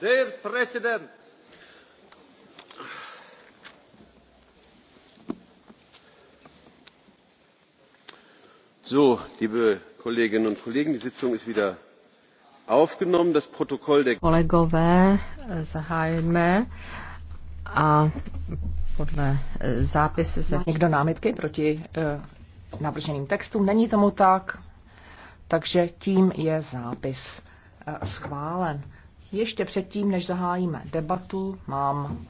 Dear President, So, liebe Kolleginnen und Kollegen, die Sitzung ist wieder aufgenommen. Das Protokoll der Kollegen, eh, zahájíme a podle eh, zápisy se... někdo námitky proti e, navrženým textům? Není tomu tak, takže tím je zápis eh, schválen. Ještě předtím, než zahájíme debatu, mám